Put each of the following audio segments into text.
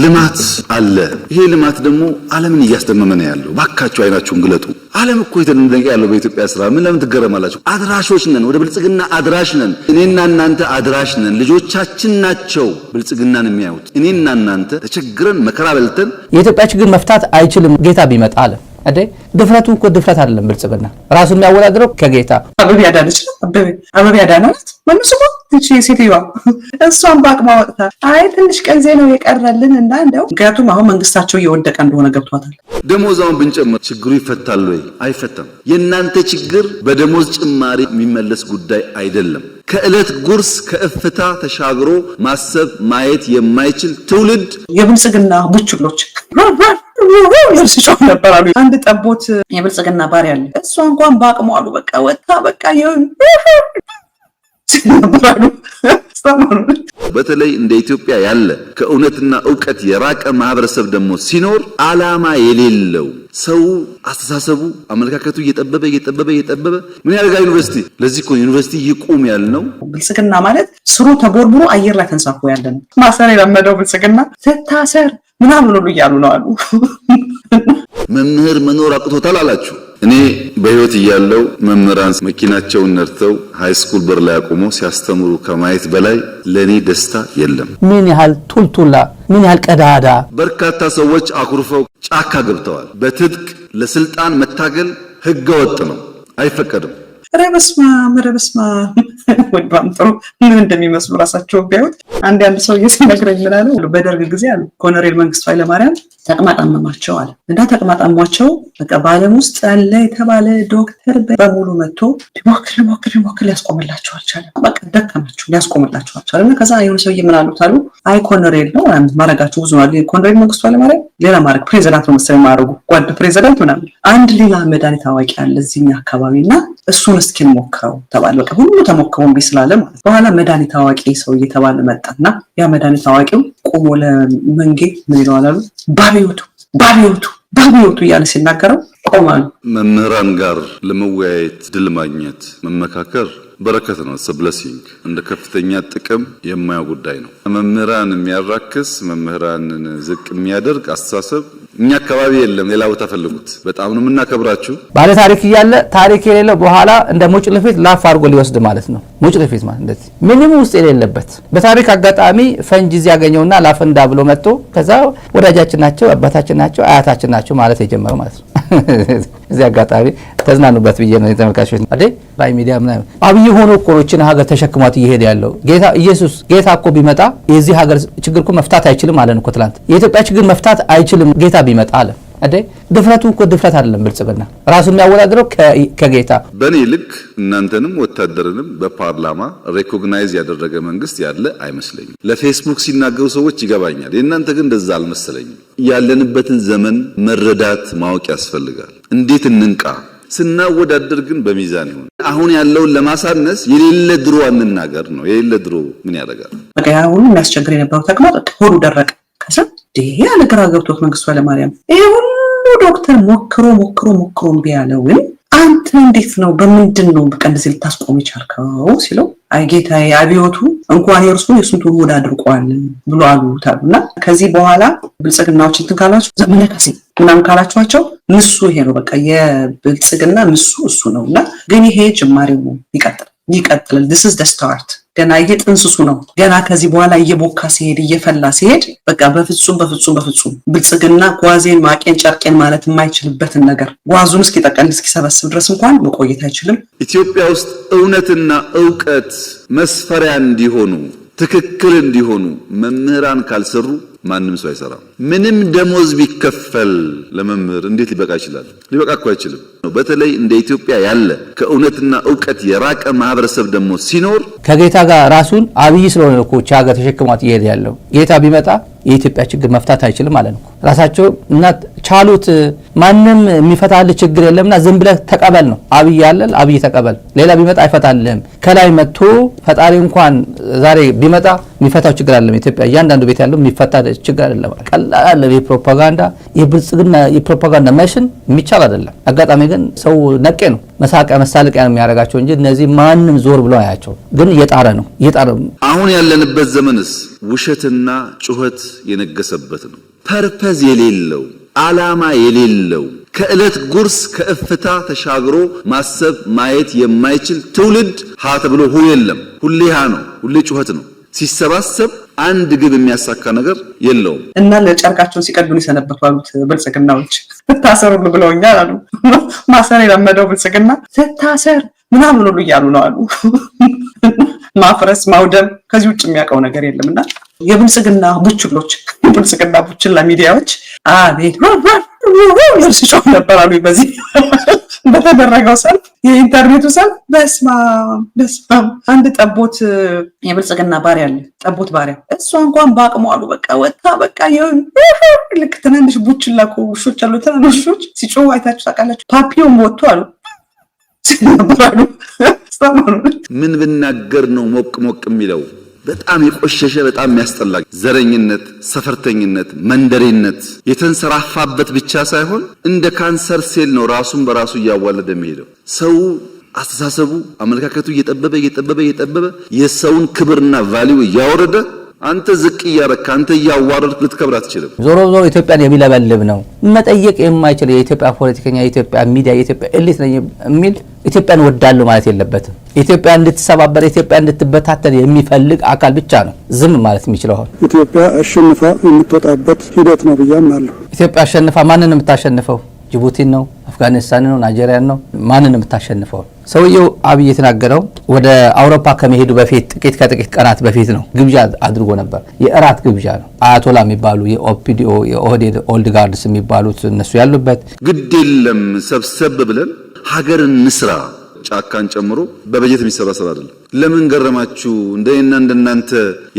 ልማት አለ። ይሄ ልማት ደግሞ ዓለምን እያስደመመ ነው ያለው። ባካችሁ አይናችሁን ግለጡ። ዓለም እኮ የተደነቀ ያለው በኢትዮጵያ ስራ ምን ለምን ትገረማላችሁ? አድራሾች ነን። ወደ ብልጽግና አድራሽ ነን። እኔና እናንተ አድራሽ ነን። ልጆቻችን ናቸው ብልጽግናን የሚያዩት። እኔና እናንተ ተቸግረን መከራ በልተን የኢትዮጵያ ችግር መፍታት አይችልም ጌታ ቢመጣ አለ እንዴ ድፍረቱ እኮ ድፍረት አይደለም። ብልጽግና ራሱ የሚያወዳድረው ከጌታ አበቤ አዳነች ነው። አበቤ አበቤ መንሱ መልሶ እቺ ሴትዮዋ እሷን በአቅማ ወጥታ አይ ትንሽ ቀዜ ነው የቀረልን እና እንደው ምክንያቱም አሁን መንግስታቸው እየወደቀ እንደሆነ ገብቷታል። ደሞዛውን ብንጨምር ችግሩ ይፈታል ወይ? አይፈታም። የእናንተ ችግር በደሞዝ ጭማሪ የሚመለስ ጉዳይ አይደለም። ከእለት ጉርስ ከእፍታ ተሻግሮ ማሰብ ማየት የማይችል ትውልድ የብልጽግና ቡችሎች ሲጮህ ነበር አሉ። አንድ ጠቦት የብልጽግና ባሪያ አለ። እሷ እንኳን በአቅሟ አሉ በቃ ወታ በቃ በተለይ እንደ ኢትዮጵያ ያለ ከእውነትና እውቀት የራቀ ማህበረሰብ ደግሞ ሲኖር አላማ የሌለው ሰው አስተሳሰቡ፣ አመለካከቱ እየጠበበ እየጠበበ እየጠበበ ምን ያደርጋል? ዩኒቨርሲቲ ለዚህ እኮ ዩኒቨርሲቲ ይቁም ያልነው ብልጽግና ማለት ስሩ ተቦርቡሮ አየር ላይ ተንሳፎ ያለ ነው። ማሰር የለመደው ብልጽግና ትታሰር ምናምን ሁሉ እያሉ ነው አሉ። መምህር መኖር አቅቶታል አላችሁ እኔ በህይወት እያለው መምህራን መኪናቸውን ነድተው ሃይስኩል በር ላይ አቁሞ ሲያስተምሩ ከማየት በላይ ለእኔ ደስታ የለም። ምን ያህል ቱልቱላ፣ ምን ያህል ቀዳዳ። በርካታ ሰዎች አኩርፈው ጫካ ገብተዋል። በትጥቅ ለስልጣን መታገል ወጥ ነው፣ አይፈቀድም። ኧረ በስመ ወድባም ጥሩ ምን እንደሚመስሉ ራሳቸው ቢያዩት። አንድ አንድ ሰው ሲነግረኝ ምን አለ፣ በደርግ ጊዜ አለ ኮሎኔል መንግስቱ ኃይለማርያም ተቅማጥ አመማቸው አለ እና ተቅማጥ በቃ በዓለም ውስጥ ያለ የተባለ ዶክተር በሙሉ መጥቶ ሊሞክር ሊሞክር ሊሞክር ሊያስቆምላቸው አልቻለም። በቃ ደከማቸው፣ ሊያስቆምላቸው አልቻለም። እና ከዛ የሆነ ሰውዬ ምን አሉት አሉ፣ አይ ኮሎኔል ነው ማድረጋቸው ብዙ ነው። ኮሎኔል መንግስቱ ኃይለማርያም ሌላ ማድረግ ፕሬዚዳንት ነው መሰለኝ ማድረጉ ጓድ ፕሬዚዳንት ምናምን አንድ ሌላ መድኃኒት አዋቂ አለ እዚህኛ አካባቢ እና እሱን እስኪ እንሞክረው ተባለ። በቃ ሁሉ ተሞክሮ እምቢ ስላለ ማለት በኋላ መድኃኒት አዋቂ ሰው እየተባለ መጣና ያ መድኃኒት አዋቂው ቆሞ ለመንጌ ምን ይለዋል አሉ ባቢዮቱ ባቢዮቱ ባቢዮቱ እያለ ሲናገረው ቆማሉ። መምህራን ጋር ለመወያየት ድል ማግኘት መመካከር በረከት ነው። ብለሲንግ እንደ ከፍተኛ ጥቅም የማየው ጉዳይ ነው። መምህራን የሚያራክስ መምህራንን ዝቅ የሚያደርግ አስተሳሰብ እኛ አካባቢ የለም፣ ሌላ ቦታ ፈልጉት። በጣም ነው የምናከብራችሁ። ባለ ታሪክ እያለ ታሪክ የሌለው በኋላ እንደ ሙጭ ልፊት ላፍ አድርጎ ሊወስድ ማለት ነው። ሙጭልፊት ማለት እንደዚህ ምንም ውስጥ የሌለበት በታሪክ አጋጣሚ ፈንጅ እዚህ ያገኘውና ላፈንዳ ብሎ መጥቶ ከዛ ወዳጃችን ናቸው፣ አባታችን ናቸው፣ አያታችን ናቸው ማለት የጀመረው ማለት ነው። እዚህ አጋጣሚ ተዝናኑበት ብዬ ነው የተመልካቾች። አይደል ላይ ሚዲያ ምናምን አብይ ሆኖ እኮ ሀገር ተሸክሟት እየሄደ ያለው ጌታ ኢየሱስ። ጌታ እኮ ቢመጣ የዚህ ሀገር ችግር እኮ መፍታት አይችልም አለን እኮ ትላንት። የኢትዮጵያ ችግር መፍታት አይችልም ጌታ ቢመጣ አለ። አይደል ድፍረቱ እኮ ድፍረት አይደለም፣ ብልጽግና ራሱ የሚያወዳድረው ከጌታ በእኔ ልክ እናንተንም ወታደርንም በፓርላማ ሬኮግናይዝ ያደረገ መንግስት ያለ አይመስለኝም። ለፌስቡክ ሲናገሩ ሰዎች ይገባኛል፣ የእናንተ ግን እንደዛ አልመሰለኝም። ያለንበትን ዘመን መረዳት ማወቅ ያስፈልጋል። እንዴት እንንቃ ስናወዳደር ግን በሚዛን ይሁን። አሁን ያለውን ለማሳነስ የሌለ ድሮ አንናገር ነው። የሌለ ድሮ ምን ያደርጋል? በቃ ያ ሁሉ የሚያስቸግር የነበረው ተቅማጥ ሆዱ ደረቀ። ከዛ ይሄ ያለ ግራ ገብቶት መንግስቱ ኃይለማርያም ይሄ ሁሉ ዶክተር ሞክሮ ሞክሮ ሞክሮ እምቢ ያለውን አንተ እንዴት ነው በምንድን ነው በቃ እንደዚህ ልታስቆም ይቻልከው ሲለው ጌታዬ አብዮቱ እንኳን የእርሱን የሱን ሆድ አድርቋል ብሎ አሉታሉ እና ከዚህ በኋላ ብልጽግናዎች እንትን ካላቸው ዘመነ ካሴ ምናምን ካላችኋቸው ምሱ ይሄ ነው በቃ የብልጽግና ምሱ እሱ ነው እና ግን ይሄ ጅማሬው ይቀጥላል ይቀጥላል ስ ስታርት ገና እየጥንስሱ ነው። ገና ከዚህ በኋላ እየቦካ ሲሄድ እየፈላ ሲሄድ በቃ በፍጹም በፍጹም በፍጹም ብልጽግና ጓዜን ማቄን ጨርቄን ማለት የማይችልበትን ነገር ጓዙን እስኪጠቀል እስኪሰበስብ ድረስ እንኳን መቆየት አይችልም። ኢትዮጵያ ውስጥ እውነትና እውቀት መስፈሪያ እንዲሆኑ ትክክል እንዲሆኑ መምህራን ካልሰሩ ማንም ሰው አይሰራም። ምንም ደሞዝ ቢከፈል ለመምህር እንዴት ሊበቃ ይችላል? ሊበቃ እኮ አይችልም። በተለይ እንደ ኢትዮጵያ ያለ ከእውነትና እውቀት የራቀ ማህበረሰብ ደግሞ ሲኖር ከጌታ ጋር ራሱን አብይ ስለሆነ እኮ ቻ ተሸክሟት እየሄደ ያለው ጌታ ቢመጣ የኢትዮጵያ ችግር መፍታት አይችልም ማለት ነው። ራሳቸው እና ቻሉት። ማንም የሚፈታል ችግር የለምና ዝም ብለህ ተቀበል ነው። አብይ ያለል አብይ ተቀበል፣ ሌላ ቢመጣ አይፈታልህም። ከላይ መጥቶ ፈጣሪ እንኳን ዛሬ ቢመጣ የሚፈታው ችግር አለም። ኢትዮጵያ እያንዳንዱ ቤት ያለው የሚፈታ ችግር አይደለም። ቀላል አለ። የፕሮፓጋንዳ የብልጽግና የፕሮፓጋንዳ መሽን የሚቻል አይደለም። አጋጣሚ ግን ሰው ነቄ ነው። መሳቂያ መሳለቂያ ነው የሚያደርጋቸው እንጂ እነዚህ ማንም ዞር ብሎ አያቸው። ግን እየጣረ ነው እየጣረ አሁን ያለንበት ዘመንስ ውሸትና ጩኸት የነገሰበት ነው። ፐርፐዝ የሌለው ዓላማ የሌለው ከዕለት ጉርስ ከእፍታ ተሻግሮ ማሰብ ማየት የማይችል ትውልድ ሀ ተብሎ ሁ የለም። ሁሌ ሀ ነው። ሁሌ ጩኸት ነው። ሲሰባሰብ አንድ ግብ የሚያሳካ ነገር የለውም እና ለጨርቃቸውን ሲቀዱን የሰነበት ባሉት ብልጽግናዎች ትታሰር ሁሉ ብለውኛል አሉ። ማሰር የለመደው ብልጽግና ስታሰር ምናምን ሁሉ እያሉ ነው አሉ። ማፍረስ፣ ማውደም ከዚህ ውጭ የሚያውቀው ነገር የለም እና የብልጽግና ቡችሎች የብልጽግና ቡችላ ሚዲያዎች አቤት ሲጮህ ነበር አሉ። በዚህ በተደረገው ሰልፍ የኢንተርኔቱ ሰልፍ በስማም በስማም አንድ ጠቦት የብልጽግና ባሪያ አለ። ጠቦት ባሪያ እሷ እንኳን በአቅሙ አሉ በቃ ወታ በቃ ልክ ትናንሽ ቡችላ እኮ ውሾች አሉ። ትናንሽ ውሾች ሲጮህ አይታችሁ ታውቃላችሁ? ፓፒዮም ወጥቶ አሉ ሲነበራሉ ምን ብናገር ነው ሞቅ ሞቅ የሚለው? በጣም የቆሸሸ በጣም የሚያስጠላ ዘረኝነት፣ ሰፈርተኝነት፣ መንደሬነት የተንሰራፋበት ብቻ ሳይሆን እንደ ካንሰር ሴል ነው ራሱን በራሱ እያዋለደ የሚሄደው ሰው አስተሳሰቡ፣ አመለካከቱ እየጠበበ እየጠበበ እየጠበበ የሰውን ክብርና ቫሊዩ እያወረደ አንተ ዝቅ እያረክ አንተ እያዋረድክ ልትከብር አትችልም። ዞሮ ዞሮ ኢትዮጵያን የሚለበልብ ነው መጠየቅ የማይችል የኢትዮጵያ ፖለቲከኛ፣ የኢትዮጵያ ሚዲያ፣ የኢትዮጵያ ኤሊት ነኝ የሚል ኢትዮጵያን ወዳለሁ ማለት የለበትም። ኢትዮጵያ እንድትሰባበር፣ ኢትዮጵያ እንድትበታተን የሚፈልግ አካል ብቻ ነው ዝም ማለት የሚችለው። አሁን ኢትዮጵያ አሸንፋ የምትወጣበት ሂደት ነው ብዬ ኢትዮጵያ አሸንፋ ማንን የምታሸንፈው? ጅቡቲን ነው አፍጋኒስታን ነው ናይጄሪያን ነው ማንን የምታሸንፈው? ሰውየው አብይ የተናገረው ወደ አውሮፓ ከመሄዱ በፊት ጥቂት ከጥቂት ቀናት በፊት ነው። ግብዣ አድርጎ ነበር። የእራት ግብዣ ነው። አያቶላ የሚባሉ የኦፒዲኦ የኦህዴድ ኦልድ ጋርድስ የሚባሉት እነሱ ያሉበት ግድ የለም ሰብሰብ ብለን ሀገር እንስራ ጫካን ጨምሮ በበጀት የሚሰባሰብ አይደለም። ለምን ገረማችሁ? እንደኔና እንደናንተ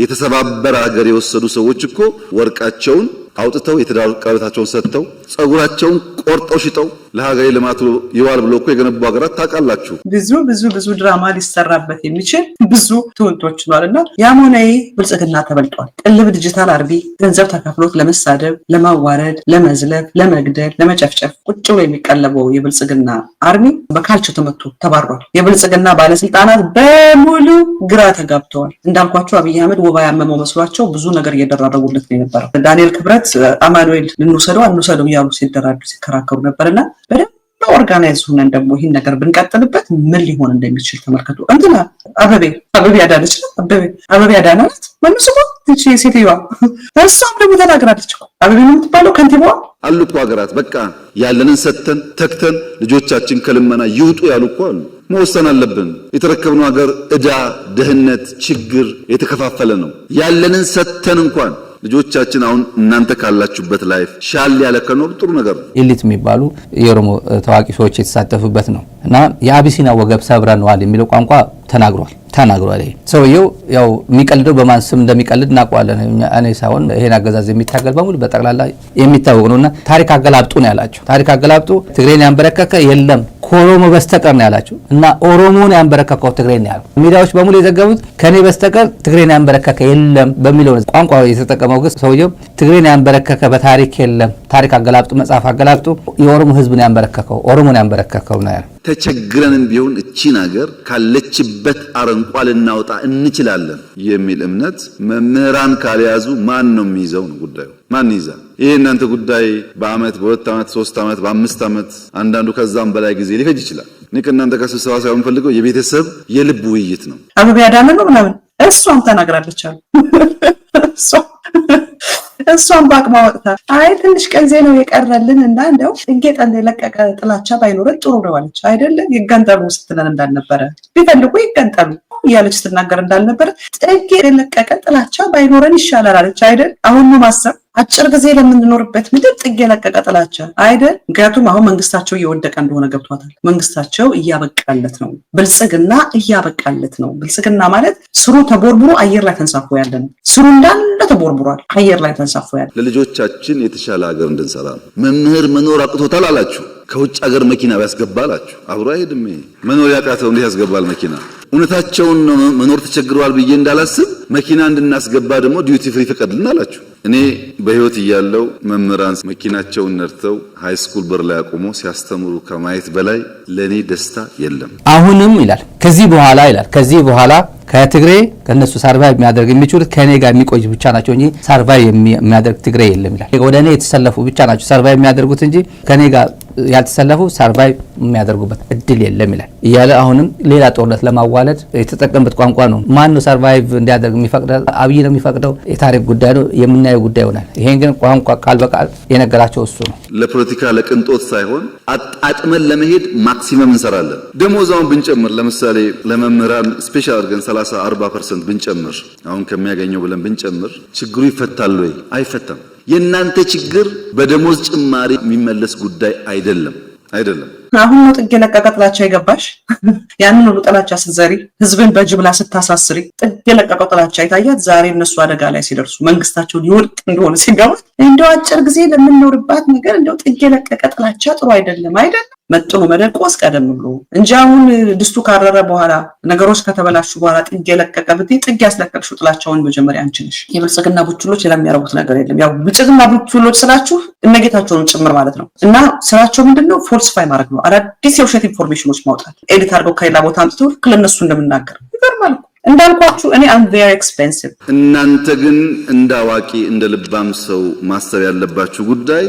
የተሰባበረ ሀገር የወሰዱ ሰዎች እኮ ወርቃቸውን አውጥተው የትዳር ቀለበታቸውን ሰጥተው ጸጉራቸውን ቆርጠው ሽጠው ለሀገሪ ልማቱ ይዋል ብሎ እኮ የገነቡ ሀገራት ታውቃላችሁ። ብዙ ብዙ ብዙ ድራማ ሊሰራበት የሚችል ብዙ ትውንቶች ነዋል እና የአሞናዊ ብልጽግና ተበልጧል። ቅልብ ዲጂታል አርቢ ገንዘብ ተከፍሎት ለመሳደብ፣ ለማዋረድ፣ ለመዝለፍ፣ ለመግደል፣ ለመጨፍጨፍ ቁጭ ብሎ የሚቀለበው የብልጽግና አርሚ በካልቾ ተመቶ ተባሯል። የብልጽግና ባለስልጣናት በሙሉ ግራ ተጋብተዋል። እንዳልኳቸው አብይ አህመድ ወባ ያመመው መስሏቸው ብዙ ነገር እየደራረጉለት ነው የነበረው። ዳንኤል ክብረት አማኑኤል ልንውሰደው አንውሰደው እያሉ ሲደራጁ ሲከራከሩ ነበርና በደንብ ኦርጋናይዝ ሆነን ደግሞ ይህን ነገር ብንቀጥልበት ምን ሊሆን እንደሚችል ተመልከቱ። እንትና አበቤ አበቤ አዳነች አበቤ አበቤ አዳናት መልስ እኮ ሴትዮዋ እሷም ደግሞ ተናግራለች አበቤ ነው የምትባለው ከንቲባዋ አሉ እኮ ሀገራት በቃ ያለንን ሰጥተን ተክተን ልጆቻችን ከልመና ይውጡ ያሉ እኮ አሉ። መወሰን አለብን። የተረከብነው ሀገር እዳ፣ ድህነት፣ ችግር የተከፋፈለ ነው። ያለንን ሰጥተን እንኳን ልጆቻችን አሁን እናንተ ካላችሁበት ላይፍ ሻል ያለ ከኖር ጥሩ ነገር ነው። ኢሊት የሚባሉ የኦሮሞ ታዋቂ ሰዎች የተሳተፉበት ነው እና የአቢሲና ወገብ ሰብረነዋል የሚለው ቋንቋ ተናግሯል። ተናግሯል። ሰውየው ያው የሚቀልደው በማን ስም እንደሚቀልድ እናውቀዋለን። እኔ ሳይሆን ይሄን አገዛዝ የሚታገል በሙሉ በጠቅላላ የሚታወቅ ነው እና ታሪክ አገላብጡ ነው ያላቸው። ታሪክ አገላብጡ ትግሬን ያንበረከከ የለም ከኦሮሞ በስተቀር ነው ያላቸው እና ኦሮሞን ያንበረከከው ትግሬ ነው ያለው። ሚዲያዎች በሙሉ የዘገቡት ከኔ በስተቀር ትግሬን ያንበረከከ የለም በሚለው ቋንቋ የተጠቀመው ግን ሰውየው ትግሬን ያንበረከከ በታሪክ የለም ታሪክ አገላብጡ መጽሐፍ አገላብጡ የኦሮሞ ህዝብን ያንበረከከው ኦሮሞን ያንበረከከው ነው ያለ። ተቸግረንም ቢሆን እቺን ሀገር ካለችበት አረንቋ ልናወጣ እንችላለን የሚል እምነት መምህራን ካልያዙ ማን ነው የሚይዘው ነው ጉዳዩ። ማን ይዛል? ይሄ እናንተ ጉዳይ በአመት በሁለት ዓመት ሶስት ዓመት በአምስት ዓመት አንዳንዱ ከዛም በላይ ጊዜ ሊፈጅ ይችላል። እኔ ከእናንተ ከስብሰባ ሳይሆን ፈልገው የቤተሰብ የልብ ውይይት ነው። አበቢያ ነው ምናምን እሷም ተናግራለች አሉ እሷን በአቅማ ወጥታ አይ ትንሽ ቀን ዜ ነው የቀረልን እና እንደው እንጌጠ የለቀቀ ጥላቻ ባይኖረን ጥሩ ነው አለች። አይደለም ይገንጠሉ ስትለን እንዳልነበረ ቢፈልጉ ይገንጠሉ እያለች ስትናገር እንዳልነበረ ጥጌ የለቀቀ ጥላቻ ባይኖረን ይሻላል አለች። አይደል አሁኑ ማሰብ አጭር ጊዜ ለምንኖርበት ምድር ጥግ የለቀቀ ጥላቻ አይደል? ምክንያቱም አሁን መንግስታቸው እየወደቀ እንደሆነ ገብቷታል። መንግስታቸው እያበቃለት ነው። ብልጽግና እያበቃለት ነው። ብልጽግና ማለት ስሩ ተቦርቡሮ አየር ላይ ተንሳፎ ያለ ነው። ስሩ እንዳለ ተቦርቡሯል፣ አየር ላይ ተንሳፎ ያለ። ለልጆቻችን የተሻለ ሀገር እንድንሰራ ነው። መምህር መኖር አቅቶታል አላችሁ። ከውጭ ሀገር መኪና ያስገባ አላችሁ። አብሮ አይሄድም። መኖር ያቃተው እንዴት ያስገባል መኪና? እውነታቸውን ነው። መኖር ተቸግረዋል ብዬ እንዳላስብ መኪና እንድናስገባ ደግሞ ዲዩቲ ፍሪ ፈቀድልን አላችሁ። እኔ በህይወት እያለው መምህራን መኪናቸውን ነድተው ሃይስኩል በር ላይ አቁሞ ሲያስተምሩ ከማየት በላይ ለእኔ ደስታ የለም። አሁንም ይላል ከዚህ በኋላ ይላል ከዚህ በኋላ ከትግሬ ከነሱ ሰርቫይቭ የሚያደርግ የሚችሉት ከእኔ ጋር የሚቆይ ብቻ ናቸው እንጂ ሰርቫይቭ የሚያደርግ ትግሬ የለም ይላል። ወደ እኔ የተሰለፉ ብቻ ናቸው ሰርቫይቭ የሚያደርጉት እንጂ ከእኔ ጋር ያልተሰለፉ ሰርቫይ የሚያደርጉበት እድል የለም ይላል እያለ አሁንም ሌላ ጦርነት ለማዋለድ የተጠቀምበት ቋንቋ ነው። ማን ነው ሰርቫይቭ እንዲያደርግ የሚፈቅደው? አብይ ነው የሚፈቅደው። የታሪክ ጉዳይ ነው የምናየው ጉዳይ ይሆናል። ይሄን ግን ቋንቋ ቃል በቃል የነገራቸው እሱ ነው። ለፖለቲካ ለቅንጦት ሳይሆን አጣጥመን ለመሄድ ማክሲመም እንሰራለን። ደሞዛውን ብንጨምር ለምሳሌ ለመምህራን ስፔሻል አድርገን 30 40 ፐርሰንት ብንጨምር አሁን ከሚያገኘው ብለን ብንጨምር ችግሩ ይፈታል ወይ? አይፈታም። የእናንተ ችግር በደሞዝ ጭማሪ የሚመለስ ጉዳይ አይደለም አይደለም። አሁን ነው ጥግ የለቀቀ ጥላቻ የገባሽ። ያንን ሁሉ ጥላቻ ስትዘሪ፣ ህዝብን በጅምላ ስታሳስሪ፣ ጥግ የለቀቀው ጥላቻ ይታያት። ዛሬ እነሱ አደጋ ላይ ሲደርሱ መንግስታቸውን ይወድቅ እንደሆነ ሲገባት፣ እንደው አጭር ጊዜ ለምንኖርባት ነገር እንደው ጥግ የለቀቀ ጥላቻ ጥሩ አይደለም አይደለም። መጥኖ መደቆስ ቀደም ብሎ እንጂ አሁን ድስቱ ካረረ በኋላ ነገሮች ከተበላሹ በኋላ ጥግ የለቀቀ ብትይ ጥግ ያስለቀቅሽው ጥላቻውን መጀመሪያ አንቺ ነሽ። የብልጽግና ቡችሎች የሚያደርጉት ነገር የለም። ያው ብልጽግና ቡችሎች ስላችሁ እነጌታቸውንም ጭምር ማለት ነው። እና ስራቸው ምንድን ነው? ፎልስፋይ ማድረግ ነው አዳዲስ የውሸት ኢንፎርሜሽኖች ማውጣት ኤዲት አድርገው ከሌላ ቦታ አምጥቶ ልክ ለእነሱ እንደምናገር ይገርማል። እንዳልኳችሁ እኔ አም ቬሪ ኤክስፔንሲቭ። እናንተ ግን እንደ አዋቂ እንደ ልባም ሰው ማሰብ ያለባችሁ ጉዳይ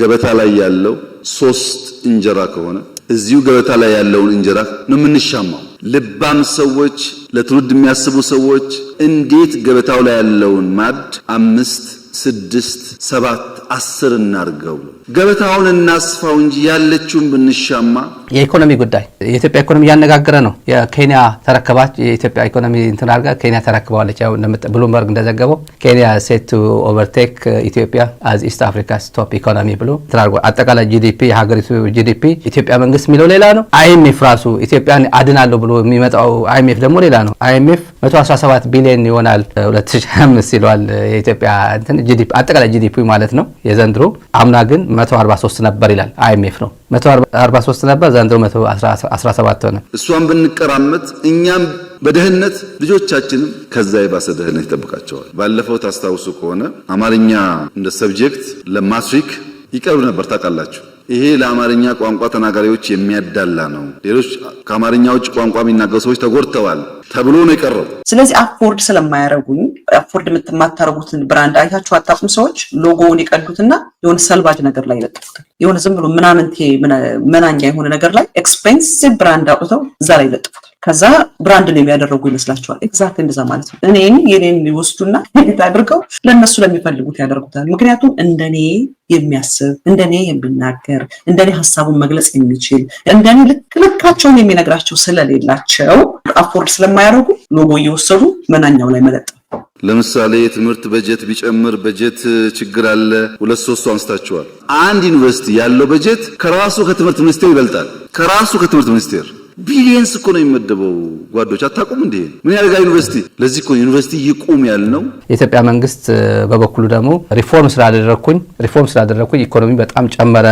ገበታ ላይ ያለው ሶስት እንጀራ ከሆነ እዚሁ ገበታ ላይ ያለውን እንጀራ ነው የምንሻማው። ልባም ሰዎች፣ ለትውልድ የሚያስቡ ሰዎች እንዴት ገበታው ላይ ያለውን ማድ አምስት፣ ስድስት፣ ሰባት አስር እናርገው፣ ገበታውን እናስፋው እንጂ ያለችውን ብንሻማ የኢኮኖሚ ጉዳይ የኢትዮጵያ ኢኮኖሚ እያነጋገረ ነው። የኬንያ ተረከባች የኢትዮጵያ ኢኮኖሚ እንትን አድርጋ ኬንያ ተረክበዋለች። ብሉምበርግ እንደዘገበው ኬንያ ሴቱ ኦቨርቴክ ኢትዮጵያ አዝ ኢስት አፍሪካ ስቶፕ ኢኮኖሚ ብሎ እንትን አጠቃላይ ጂዲፒ የሀገሪቱ ጂዲፒ ኢትዮጵያ መንግስት የሚለው ሌላ ነው። አይኤምኤፍ ራሱ ኢትዮጵያን አድናለሁ ብሎ የሚመጣው አይኤምኤፍ ደግሞ ሌላ ነው። አይኤምኤፍ 117 ቢሊዮን ይሆናል 2025 ይለዋል። የኢትዮጵያ አጠቃላይ ጂዲፒ ማለት ነው የዘንድሮ። አምና ግን 143 ነበር ይላል አይኤምኤፍ ነው 143 ነበር፣ ዘንድሮ 117 ሆነ። እሷን ብንቀራመት እኛም በደህንነት ልጆቻችንም ከዛ የባሰ ደህነት ይጠብቃቸዋል። ባለፈው ታስታውሱ ከሆነ አማርኛ እንደ ሰብጀክት ለማትሪክ ይቀርብ ነበር ታውቃላችሁ። ይሄ ለአማርኛ ቋንቋ ተናጋሪዎች የሚያዳላ ነው። ሌሎች ከአማርኛ ውጭ ቋንቋ የሚናገሩ ሰዎች ተጎድተዋል ተብሎ ነው የቀረው። ስለዚህ አፎርድ ስለማያደርጉኝ አፎርድ የምትማታረጉትን ብራንድ አይታችሁ አታውቁም። ሰዎች ሎጎውን ይቀዱትና የሆነ ሰልባጅ ነገር ላይ ይለጥፉታል። የሆነ ዝም ብሎ ምናምንቴ መናኛ የሆነ ነገር ላይ ኤክስፔንሲቭ ብራንድ አውጥተው እዛ ላይ ይለጥፉታል። ከዛ ብራንድ ነው የሚያደረጉ ይመስላቸዋል። ኤግዛክት እንደዛ ማለት ነው። እኔን የኔን ሊወስዱና ት አድርገው ለእነሱ ለሚፈልጉት ያደርጉታል። ምክንያቱም እንደኔ የሚያስብ እንደኔ የሚናገር እንደኔ ሀሳቡን መግለጽ የሚችል እንደኔ ልክ ልካቸውን የሚነግራቸው ስለሌላቸው አፎርድ ስለማያደርጉ ሎጎ እየወሰዱ መናኛው ላይ መለጠፍ ለምሳሌ የትምህርት በጀት ቢጨምር በጀት ችግር አለ። ሁለት ሶስቱ አንስታችኋል። አንድ ዩኒቨርሲቲ ያለው በጀት ከራሱ ከትምህርት ሚኒስቴር ይበልጣል። ከራሱ ከትምህርት ሚኒስቴር ቢሊየንስ እኮ ነው የሚመደበው። ጓዶች አታቁም እንዲ ምን ያደርጋል ዩኒቨርሲቲ? ለዚህ እኮ ዩኒቨርሲቲ ይቁም ያል ነው። የኢትዮጵያ መንግስት በበኩሉ ደግሞ ሪፎርም ስላደረግኩኝ ሪፎርም ስላደረግኩኝ ኢኮኖሚ በጣም ጨመረ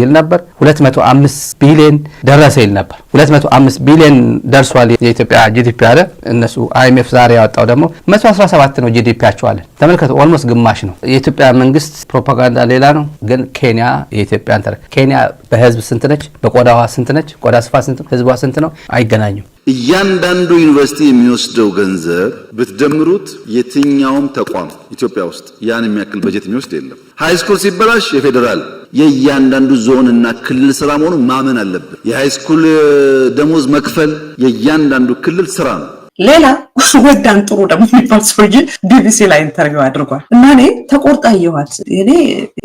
ይል ነበር። 205 ቢሊየን ደረሰ ይል ነበር። 205 ቢሊየን ደርሷል የኢትዮጵያ ጂዲፒ አለ። እነሱ አይኤምኤፍ ዛሬ ያወጣው ደግሞ 117 ነው ጂዲፒያቸው አለን ተመልከቱ ኦልሞስት ግማሽ ነው። የኢትዮጵያ መንግስት ፕሮፓጋንዳ ሌላ ነው፣ ግን ኬንያ የኢትዮጵያን ተረ ኬንያ በህዝብ ስንት ነች? በቆዳዋ ስንት ነች? ቆዳ ስፋ ስንት ነው? ህዝቧ ስንት ነው? አይገናኙም። እያንዳንዱ ዩኒቨርሲቲ የሚወስደው ገንዘብ ብትደምሩት የትኛውም ተቋም ኢትዮጵያ ውስጥ ያን የሚያክል በጀት የሚወስድ የለም። ሃይስኩል ሲበላሽ የፌዴራል የእያንዳንዱ ዞን እና ክልል ስራ መሆኑ ማመን አለብን። የሃይስኩል ደሞዝ መክፈል የእያንዳንዱ ክልል ስራ ነው። ሌላ ወዳን ጥሩ ደግሞ የሚባል ሰውዬ ቢቢሲ ላይ ኢንተርቪው አድርጓል እና እኔ ተቆርጣ የዋት እኔ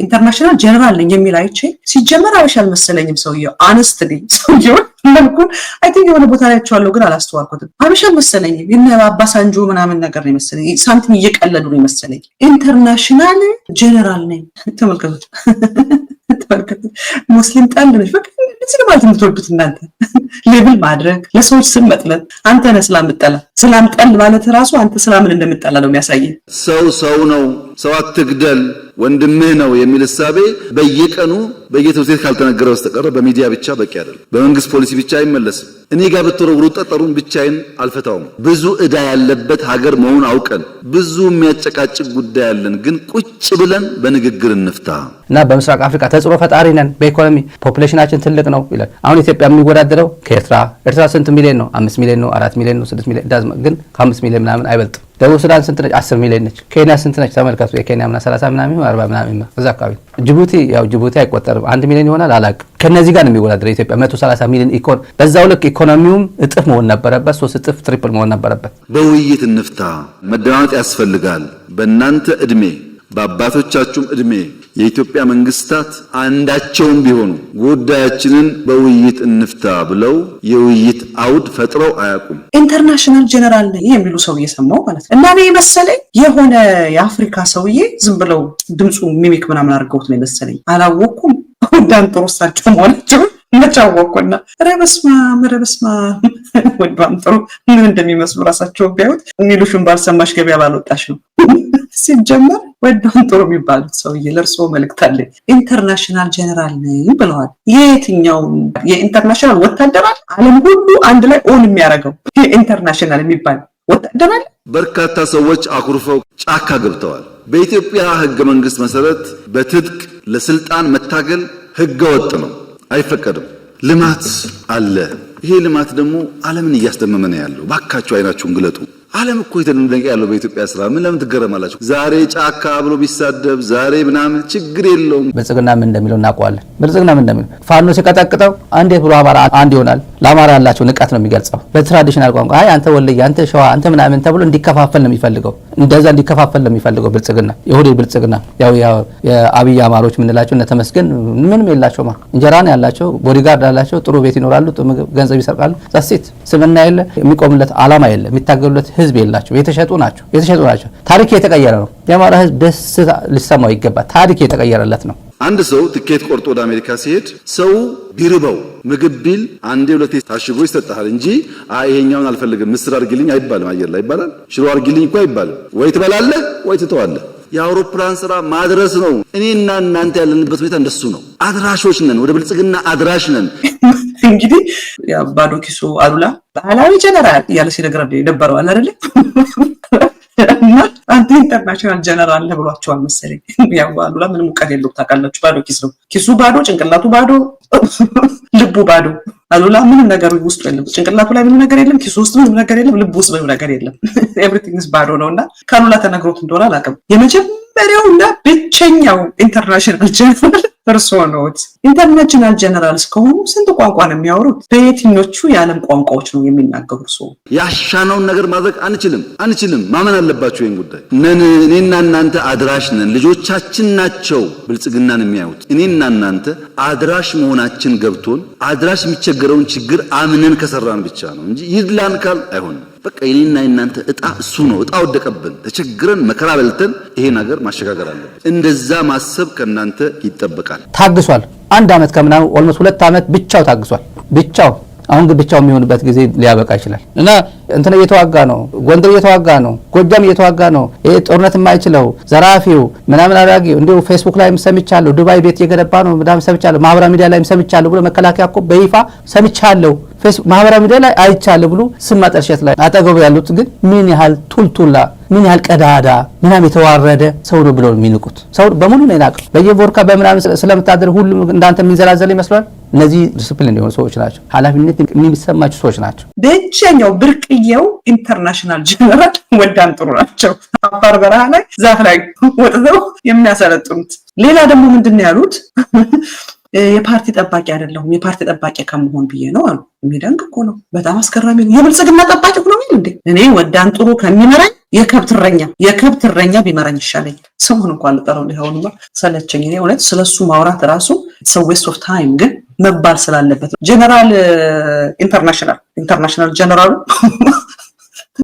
ኢንተርናሽናል ጀነራል ነኝ የሚል አይቼ ሲጀመር አበሻ አልመሰለኝም ሰውየው አነስት ሰውየውን መልኩን አይ ቲንክ የሆነ ቦታ ላይ ያቸዋለሁ ግን አላስተዋልኩትም። አበሻ መሰለኝም የነ አባሳንጆ ምናምን ነገር ነው የመሰለኝ። ሳንቲም እየቀለዱ ነው የመሰለኝ። ኢንተርናሽናል ጀነራል ነኝ። ተመልከቱት። ሙስሊም ጠል ነች። በቃ ማለት የምትወዱት እናንተ ሌብል ማድረግ ለሰዎች ስም መጥለት አንተ ነህ ስላም ጠንድ ማለት ራሱ አንተ ስላምን እንደምጠላ ነው የሚያሳየ ሰው ሰው ነው፣ ሰው አትግደል፣ ወንድምህ ነው የሚል እሳቤ በየቀኑ በየትምህርት ቤት ካልተነገረ በስተቀረ በሚዲያ ብቻ በቂ አይደለም። በመንግስት ፖሊሲ ብቻ አይመለስም። እኔ ጋር ብትወረውሩ ጠጠሩን ብቻዬን አልፈታውም። ብዙ እዳ ያለበት ሀገር መሆን አውቀን ብዙ የሚያጨቃጭቅ ጉዳይ አለን፣ ግን ቁጭ ብለን በንግግር እንፍታ እና በምስራቅ አፍሪካ ተጽዕኖ ፈጣሪ ነን፣ በኢኮኖሚ ፖፕሌሽናችን ትልቅ ነው ይላል። አሁን ኢትዮጵያ የሚወዳደረው ከኤርትራ ኤርትራ ስንት ሚሊዮን ነው? አምስት ሚሊዮን ነው፣ አራት ሚሊዮን ነው፣ ስድስት ሚሊዮን ግን ከአምስት ሚሊዮን ምናምን አይበልጥም። ደቡብ ሱዳን ስንት ነች? አስር ሚሊዮን ነች። ኬንያ ስንት ነች? ተመልከቱ። የኬንያ ምና ሰላሳ ምናምን አርባ ምናምን እዛ አካባቢ። ጅቡቲ ያው ጅቡቲ አይቆጠርም አንድ ሚሊዮን ይሆናል አላቅም። ከነዚህ ጋር ነው የሚወዳደረው ኢትዮጵያ መቶ ሰላሳ ሚሊዮን ኢኮን በዛው ልክ ኢኮኖሚውም እጥፍ መሆን ነበረበት፣ ሶስት እጥፍ ትሪፕል መሆን ነበረበት። በውይይት እንፍታ፣ መደማመጥ ያስፈልጋል። በእናንተ እድሜ በአባቶቻችሁም እድሜ የኢትዮጵያ መንግስታት አንዳቸውም ቢሆኑ ጉዳያችንን በውይይት እንፍታ ብለው የውይይት አውድ ፈጥረው አያውቁም። ኢንተርናሽናል ጀነራል ነኝ የሚሉ ሰውዬ ሰማው ማለት ነው። እና እኔ መሰለኝ የሆነ የአፍሪካ ሰውዬ ዝም ብለው ድምፁ ሚሚክ ምናምን አድርገውት ነው የመሰለኝ። ጥሩ እንዳንጦሮሳቸው መሆናቸውን መች አወቅኩና፣ ኧረ ወድባም ጥሩ ምን እንደሚመስሉ ራሳቸው ቢያዩት የሚሉሽን ባልሰማሽ ገበያ ባልወጣሽ ነው። ሲጀመር ወዳሁን ጥሩ የሚባሉት ሰውዬ ለእርስዎ መልእክት አለኝ። ኢንተርናሽናል ጀነራል ነኝ ብለዋል። የየትኛው የኢንተርናሽናል ወታደር አለም ሁሉ አንድ ላይ ኦን የሚያደርገው የኢንተርናሽናል የሚባል ወታደራል። በርካታ ሰዎች አኩርፈው ጫካ ገብተዋል። በኢትዮጵያ ህገ መንግስት መሰረት በትጥቅ ለስልጣን መታገል ህገ ወጥ ነው፣ አይፈቀድም። ልማት አለ። ይሄ ልማት ደግሞ ዓለምን እያስደመመ ነው ያለው። ባካችሁ አይናችሁን ግለጡ። ዓለም እኮ የተደነቀ ያለው በኢትዮጵያ ስራ ምን ለምን ትገረማላችሁ? ዛሬ ጫካ ብሎ ቢሳደብ ዛሬ ምናምን ችግር የለውም። ብልጽግና ምን እንደሚለው እናውቀዋለን። ብልጽግና ምን እንደሚለው ፋኖ ሲቀጠቅጠው እንዴት ብሎ አማራ አንድ ይሆናል። ለአማራ ያላቸው ንቀት ነው የሚገልጸው በትራዲሽናል ቋንቋ። አይ አንተ ወለየ፣ አንተ ሸዋ፣ አንተ ምናምን ተብሎ እንዲከፋፈል ነው የሚፈልገው። እንደዛ እንዲከፋፈል ነው የሚፈልገው ብልጽግና፣ የሁዴድ ብልጽግና። ያው የአብይ አማሮች የምንላቸው እነ ተመስገን ምንም ማ እንጀራ ነው ያላቸው፣ ቦዲጋርድ አላቸው፣ ጥሩ ቤት ይኖራሉ፣ ገንዘብ ይሰርቃሉ። ዛሴት ስምና የለ የሚቆምለት አላማ የለ የሚታገሉለት ህዝብ የላቸው የተሸጡ ናቸው የተሸጡ ናቸው። ታሪክ የተቀየረ ነው። የአማራ ህዝብ ደስ ሊሰማው ይገባል። ታሪክ የተቀየረለት ነው። አንድ ሰው ትኬት ቆርጦ ወደ አሜሪካ ሲሄድ ሰው ቢርበው ምግብ ቢል አንዴ ሁለቴ ታሽጎ ይሰጣል እንጂ ይሄኛውን አልፈልግም ምስር አርግልኝ አይባልም። አየር ላይ ይባላል። ሽሮ አርግልኝ እኮ አይባልም። ወይ ትበላለህ ወይ ትተዋለህ። የአውሮፕላን ስራ ማድረስ ነው። እኔና እናንተ ያለንበት ሁኔታ እንደሱ ነው። አድራሾች ነን፣ ወደ ብልጽግና አድራሽ ነን። እንግዲህ ባዶ ኪሶ አሉላ ባህላዊ ጀነራል እያለ ሲነገር ነበረዋል አይደለም እና አንተ ኢንተርናሽናል ጀነራል ነህ ብሏቸዋል መሰለኝ። አሉላ ምንም እውቀት የለውም ታውቃላችሁ። ባዶ ኪስ ነው ኪሱ፣ ባዶ ጭንቅላቱ፣ ባዶ ልቡ ባዶ። አሉላ ምንም ነገር ውስጡ የለም፣ ጭንቅላቱ ላይ ምንም ነገር የለም፣ ኪሱ ውስጥ ምንም ነገር የለም፣ ልቡ ውስጥ ምንም ነገር የለም። ኤቭሪቲንግ ባዶ ነው እና ከአሉላ ተነግሮት እንደሆነ አላውቅም የመጀመ የመጀመሪያውና ብቸኛው ኢንተርናሽናል ጀነራል እርስዎ ነዎት። ኢንተርናሽናል ጀነራል እስከሆኑ ስንት ቋንቋ ነው የሚያወሩት? በየትኞቹ የዓለም ቋንቋዎች ነው የሚናገሩ? እርስዎ ያሻነውን ነገር ማድረግ አንችልም አንችልም። ማመን አለባቸው ይህን ጉዳይ ነን። እኔና እናንተ አድራሽ ነን። ልጆቻችን ናቸው ብልጽግናን የሚያዩት። እኔና እናንተ አድራሽ መሆናችን ገብቶን አድራሽ የሚቸገረውን ችግር አምነን ከሰራን ብቻ ነው እንጂ ይድላን ካል አይሆንም። በቃ የኔና እናንተ እጣ እሱ ነው። እጣ ወደቀብን፣ ተቸግረን መከራ በልተን ይሄን ሀገር ማሸጋገር አለብን። እንደዛ ማሰብ ከእናንተ ይጠበቃል። ታግሷል። አንድ ዓመት ከምናምን ኦልሞስት ሁለት ዓመት ብቻው ታግሷል። ብቻው አሁን ግን ብቻው የሚሆንበት ጊዜ ሊያበቃ ይችላል እና እንትን እየተዋጋ ነው፣ ጎንደር እየተዋጋ ነው፣ ጎጃም እየተዋጋ ነው። ይሄ ጦርነት የማይችለው ዘራፊው ምናምን አድራጊው እንዲሁ ፌስቡክ ላይም ሰምቻለሁ፣ ዱባይ ቤት እየገነባ ነው ምናምን ሰምቻለሁ፣ ማህበራዊ ሚዲያ ላይም ሰምቻለሁ ብሎ መከላከያ እኮ በይፋ ሰምቻለሁ ማህበራዊ ሚዲያ ላይ አይቻለ ብሎ ስም ማጠልሸት ላይ አጠገቡ ያሉት ግን ምን ያህል ቱልቱላ ምን ያህል ቀዳዳ ምናምን የተዋረደ ሰው ነው ብለው የሚንቁት ሰው በሙሉ ነው ይናቅ በየቦርካ በምናም ስለምታደር ሁሉም እንዳንተ የሚንዘላዘል ይመስሏል። እነዚህ ዲስፕሊን የሆኑ ሰዎች ናቸው፣ ኃላፊነት የሚሰማቸው ሰዎች ናቸው። ብቸኛው ብርቅየው ኢንተርናሽናል ጀነራል ወዳን ጥሩ ናቸው። አፋር በረሃ ላይ ዛፍ ላይ ወጥተው የሚያሰለጥኑት። ሌላ ደግሞ ምንድን ያሉት የፓርቲ ጠባቂ አይደለሁም የፓርቲ ጠባቂ ከመሆን ብዬ ነው አሉ። የሚደንቅ እኮ ነው። በጣም አስገራሚ ነው። የብልጽግና ጠባቂ ሆኖ እንዴ! እኔ ወዳን ጥሩ ከሚመራኝ የከብት እረኛ የከብት እረኛ ቢመራኝ ይሻለኝ። ስሙን እንኳ ልጠረው ሊሆኑ ሰለቸኝ። እኔ እውነት ስለሱ ማውራት ራሱ ሰው ዌስት ኦፍ ታይም ግን መባል ስላለበት ነው። ጀነራል ኢንተርናሽናል ኢንተርናሽናል ጀነራሉ